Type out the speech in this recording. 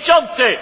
przewodniczący!